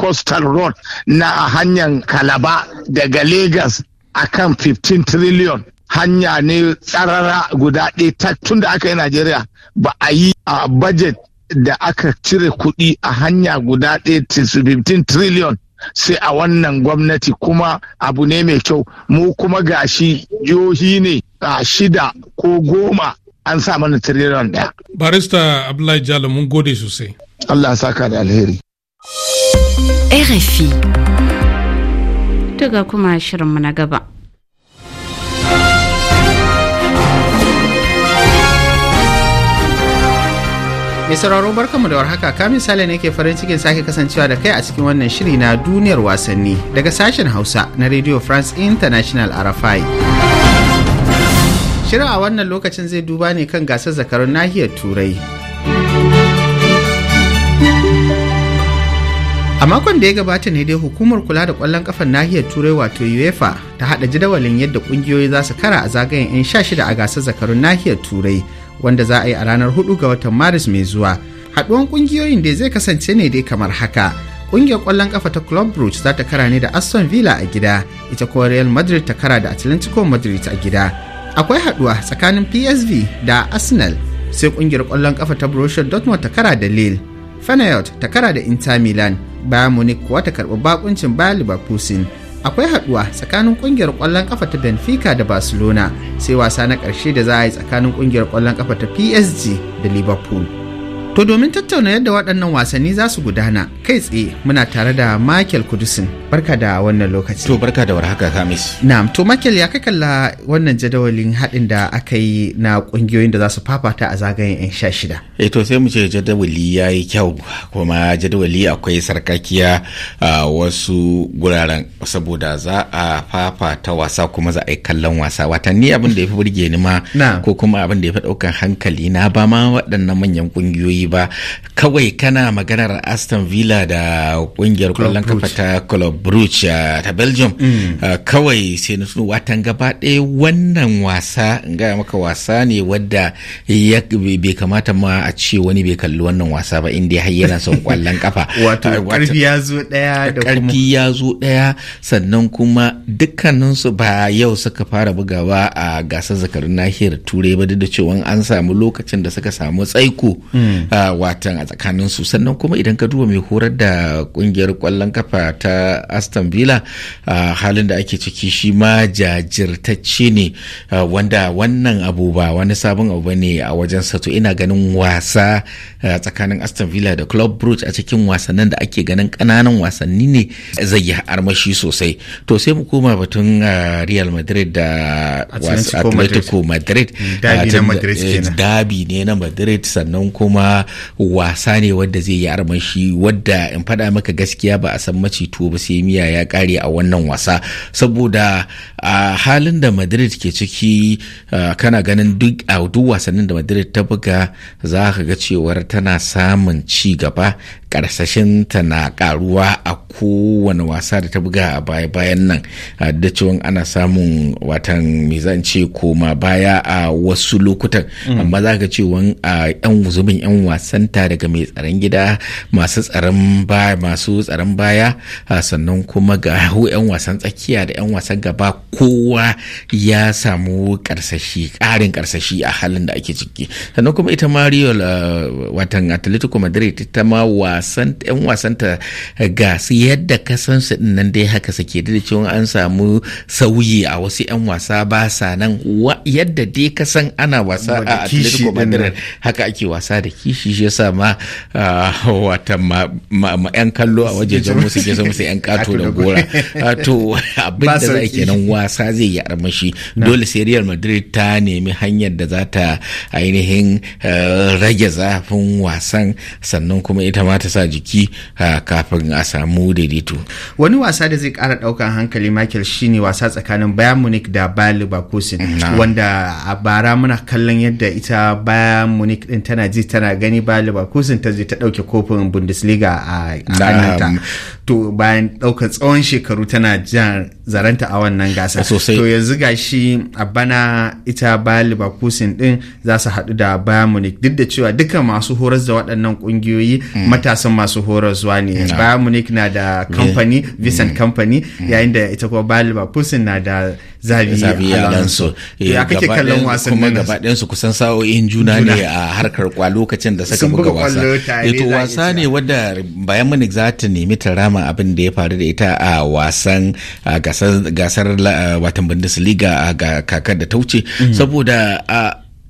coastal road na hanyar kalaba daga lagos akan 15 trillion hanya ne tsarara guda ɗaya tun da aka yi Najeriya ba a yi a budget da aka cire kuɗi a hanya guda ɗaya 15 trillion sai a wannan gwamnati kuma abu ne mai kyau mu kuma gashi yohi ne a shida ko goma an sa mana trillion ɗaya. Barista Abdullahi Jalo mun gode sosai. Allah saka da alheri. RFI. Daga kuma shirinmu na gaba. Mai sauraro barkanmu da warhaka ka Sale ne ke farin cikin sake kasancewa da kai a cikin wannan shiri na duniyar wasanni daga sashen Hausa na Radio France International RFI. Shirin a wannan lokacin zai duba ne kan gasar zakarun nahiyar Turai a makon da ya gabata ne dai hukumar kula da kwallon kafan nahiyar turai wato uefa ta hada jadawalin yadda kungiyoyi za su kara a zagayen 'yan sha shida a gasar zakarun nahiyar turai wanda za a yi a ranar 4 ga watan maris mai zuwa haduwan kungiyoyin dai zai kasance ne dai kamar haka kungiyar kwallon kafa ta club brugge za ta kara ne da aston villa a gida ita kuma real madrid ta kara da atlantico madrid a gida akwai haduwa tsakanin psv da arsenal sai kungiyar kwallon kafa ta borussia dortmund ta kara da lille fanayot ta kara da Inter Milan, Bayern Munich kuwa ta karɓi bakuncin Bayer Leverkusen. Akwai haɗuwa tsakanin ƙungiyar ƙwallon ƙafa ta Benfica da Barcelona, sai wasa na ƙarshe da za a yi tsakanin ƙungiyar ƙwallon ƙafa ta PSG da Liverpool. To domin tattauna yadda waɗannan wasanni za su gudana, kai tsaye muna tare da Michael Kudusin, barka da wannan lokaci to barka da warhaka Hamis. na'am to Michael ya kai kalla wannan jadawalin haɗin da aka yi na ƙungiyoyin da za su fafata a zagayen yan sha shida eh to sai mu ce jadawali ya yi kyau kuma jadawali akwai sarkakiya a wasu guraren saboda za a fafata wasa kuma za a yi kallon wasa watanni abin da ya fi burge ni ma ko kuma abin da ya fi ɗaukan hankali na ba ma waɗannan manyan ƙungiyoyi ba kawai kana maganar aston villa da ƙungiyar ƙwallon kafa ta club uh, ta Belgium mm. uh, kawai sai na tuno watan gaba ɗaya wannan wasa in gaya maka wasa ne wadda ya bai kamata ma a ce wani bai kalli wannan wasa ba inda ya hayyana son kwallon kafa wato karfi ya zo ɗaya da karfi ya zo ɗaya sannan kuma dukkaninsu ba yau suka fara bugawa a gasar zakarun nahiyar turai ba duk da cewa an samu lokacin da suka samu tsaiko mm. uh, watan a tsakaninsu sannan kuma idan ka duba mai horar da kungiyar kwallon kafa ta aston villa halin da ake ciki shi ma jajirtacce ne wanda wannan abu ba wani sabon abu ne a wajen sato ina ganin wasa tsakanin aston villa da club brugge a cikin wasannin da ake ganin kananan wasanni ne zai yi armashi sosai to sai mu koma batun real madrid da atletico madrid mm, dabi eh, ne na madrid sannan kuma wasa ne wadda zai yi armashi wadda in faɗa maka gaskiya ba a san to ba sai kimiyya ya kare a wannan wasa saboda a halin da madrid ke ciki kana ganin duk a duk wasannin da madrid ta buga za ka ga cewar tana samun ci gaba karsashinta na karuwa a kowane wasa da ta buga a baya-bayan nan da cewa ana samun watan mizance koma baya a wasu lokutan mm. amma za ka ce a yan zubin yan wasanta daga mai tsaron gida masu tsaron baya masu tsaron baya sannan kuma ga yan wasan tsakiya da yan wasan gaba kowa ya samu karsashi karin karsashi a halin da ake ciki sannan kuma ita ma watan atletico madrid ta ma wasan yan wasanta ga su yadda ka san su nan dai haka sake da cewa an samu sauyi a wasu 'yan wasa ba sa nan yadda dai ka san ana wasa a Atletico Madrid haka ake wasa da kishi shi yasa ma ah, wata ma 'yan kallo a wajejen musu ke musu 'yan kato da gora ah, to abin da za kenan wasa zai yi armashi dole sai Real Madrid ta nemi hanyar da za ta ainihin eh, rage zafin wasan sannan kuma ita ma ta sa jiki ah, kafin a samu mu daidaito wani wasa da zai kara daukan hankali michael shine wasa tsakanin bayern munich da bayer leverkusen wanda a bara muna kallon yadda ita bayern munich din tana ji tana gani bayer leverkusen ta je ta dauke kofin bundesliga a hannunta to bayan ɗaukar tsawon shekaru tana jihar zaranta a wannan gasa sosai to yanzu gashi a bana ita bayan leverkusen din za su haɗu da bayan munich duk da cewa duka masu horas da waɗannan ƙungiyoyi mm. matasan masu horar zuwa ne bayan munich na da company. Mm. vincent company. Mm. yayin da ita kuma bayan leverkusen na da zabi alonso ya eh, kake kallon wasan kuma gaba ɗayan su kusan sa'o'in juna ne a harkar kwa lokacin da suka buga wasa eh, to wasa ne wadda bayan munich za ta nemi ta rama musamman abin da ya faru da ita a wasan gasar watan bundesliga ga kakar da ta wuce mm-hmm. saboda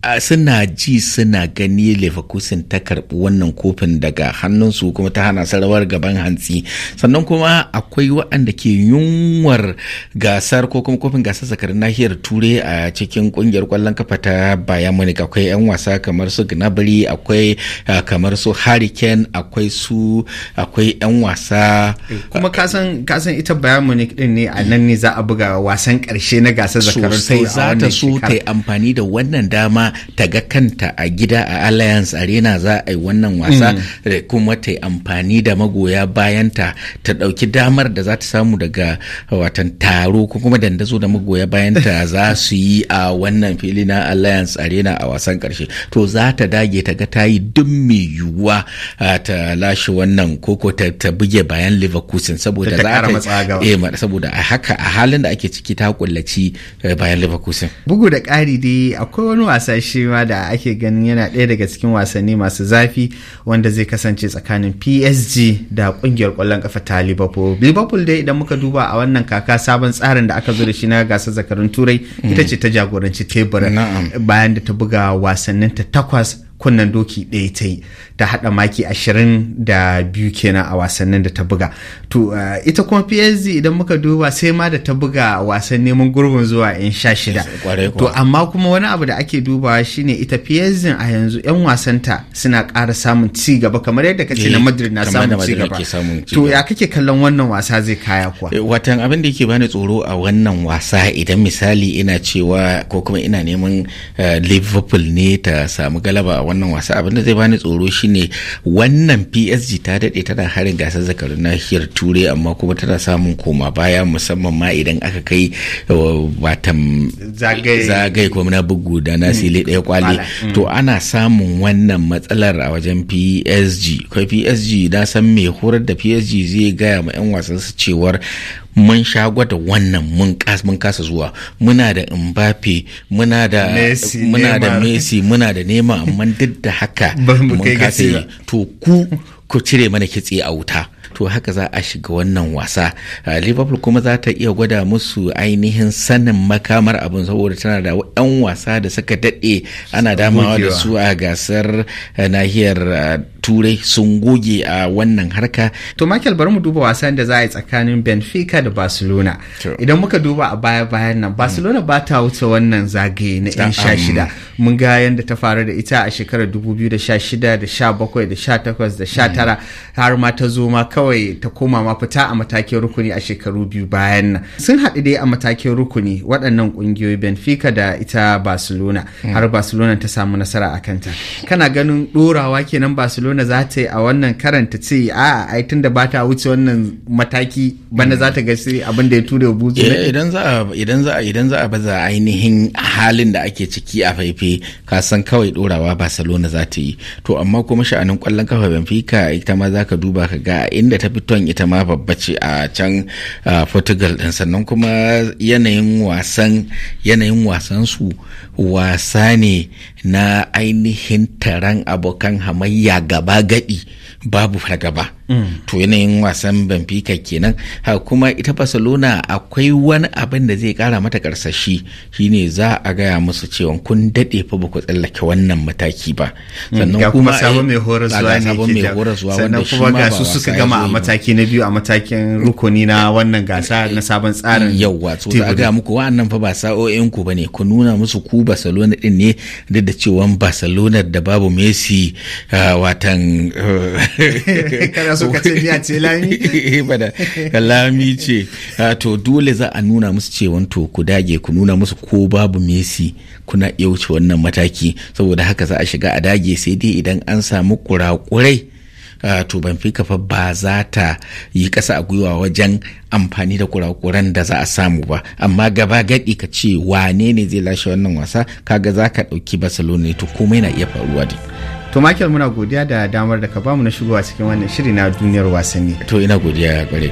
a suna ji suna gani leverkusen ta karbi wannan kofin daga hannunsu kuma ta hana sarawar gaban hantsi sannan kuma akwai waɗanda ke yunwar gasar ko kuma kofin gasar zakarin nahiyar turai a cikin kungiyar kwallon kafa ta bayan munich akwai 'yan wasa kamar su gnabry akwai kamar su hurricane akwai su akwai 'yan wasa eh, kuma kasan kasan ita bayan munich din ne a nan ne za a buga wasan karshe na gasar zakarin turai sosai za ta so ta yi amfani da wannan dama ta ga kanta a gida a alliance arena za a yi wannan wasa mm. da kuma ta yi amfani da magoya bayanta ta ɗauki damar da za ta samu daga watan taro ko kuma dandazo da magoya bayanta za su yi a wannan fili na alliance arena a wasan karshe. to za ta dage ta ga ta yi duk mai yiwuwa ta lashe wannan koko ta buge bayan leverkusen saboda za ta eh, saboda a haka a halin da ake ciki ta kullaci eh, bayan leverkusen bugu da ƙari dai akwai wani wasa wasa shi ma da ake ganin yana ɗaya daga cikin wasanni masu zafi wanda zai kasance tsakanin PSG da kungiyar ƙwallon kafa ta Liverpool. Liverpool dai idan muka duba a wannan kaka sabon tsarin da aka zo da shi na gasar zakarun Turai ita mm. ce ta jagoranci tebur bayan da ta buga wasannin ta takwas kunnen doki ɗaya ta yi ta haɗa maki ashirin da biyu kenan a wasannin da ta buga to eh, ita kuma psg idan muka duba sai ma da ta buga wasan neman gurbin zuwa in sha shida to amma kuma wani abu da ake dubawa shine ita psg a yanzu yan wasanta suna ƙara samun ci gaba kamar yadda ka ce na eh, madrid na samun ci gaba to ya kake kallon wannan wasa zai kaya kuwa eh, watan abin da yake bani tsoro a wannan wasa idan misali ina cewa ko kuma ina neman liverpool ne ta samu galaba wannan wasa abin da zai bani tsoro shine wannan PSG ta dade tana harin gasar zakarun nahiyar turai amma kuma tana samun koma baya musamman ma idan aka kai uh, watan zagaye kuma na bugu da na hmm. sile ɗaya kwali hmm. to ana samun wannan matsalar a wajen PSG kai PSG na san mai horar da PSG zai gaya ma 'yan wasan su cewar mun sha gwada wannan mun kasa zuwa muna da Mbappe muna da muna Messi muna da nema. amma duk da haka mun kasa yi to ku ku cire mana kitse a wuta to haka za a shiga wannan wasa liverpool kuma za ta iya gwada musu ainihin sanin makamar abin saboda tana da yan wasa da suka daɗe ana damawa da su a gasar eh, nahiyar eh, turai sun goge a wannan harka to michael bari mu duba wasan da za a yi tsakanin benfica da barcelona idan muka duba a baya bayan nan barcelona ba ta wuce wannan zagaye na yan sha shida mun ga yadda ta faru da ita a shekarar 2016 da 17 da 18 da 19 har ma ta zo ma kawai ta koma ma fita a matakin rukuni a shekaru biyu bayan nan sun haɗu dai a matakin rukuni waɗannan ƙungiyoyi benfica da ita barcelona mm. har barcelona ta samu nasara a kanta kana ganin ɗorawa kenan barcelona da za ta yi a wannan karanta ce a ai tun da ba ta wuce wannan mataki bana za ta gasi abin da ya ture buzu ne eh, idan za a idan za baza ainihin halin da ake ciki a faife ka san kawai dorawa Barcelona za ta yi to amma kuma sha'anin kwallon kafa Benfica ita ma za ka duba ka ga inda ta fiton ita ma babba ce a can Portugal din sannan kuma yanayin wasan yanayin wasan su wasa ne na ainihin taron abokan hamayya ga gaba gadi babu fargaba mm. to yanayin wasan benfica kenan ha kuma ita barcelona akwai wani abin da zai kara mata karsashi shine za a gaya musu cewa kun dade fa baku tsallake wannan mataki ba mm. sannan kuma sabon mai zuwa eh, ne sannan kuma ga su suka gama a mataki na biyu a matakin rukuni na wannan gasa na sabon tsarin yawwa to za a gaya muku wa'annan fa ba sa'o'in ku bane ku nuna musu ku barcelona din ne duk da cewa barcelona da babu messi ah, watan eh, kana so ce miya ce lami eh lami ce ah, to dole za a nuna musu cewa to ku dage ku nuna musu ko babu Messi kuna iya wuce wannan mataki saboda haka za a shiga a dage sai dai idan an samu kurakurai Uh, to fi kafa ba za ta yi kasa a gwiwa wajen amfani da kurakuran da za a samu ba amma gaba gadi ka ce wane ne zai lashe wannan wasa kaga za ka ɗauki barcelona to komai na iya faruwa din to muna godiya da damar da ka bamu na shigowa cikin wannan shiri na duniyar wasanni to ina godiya kwarai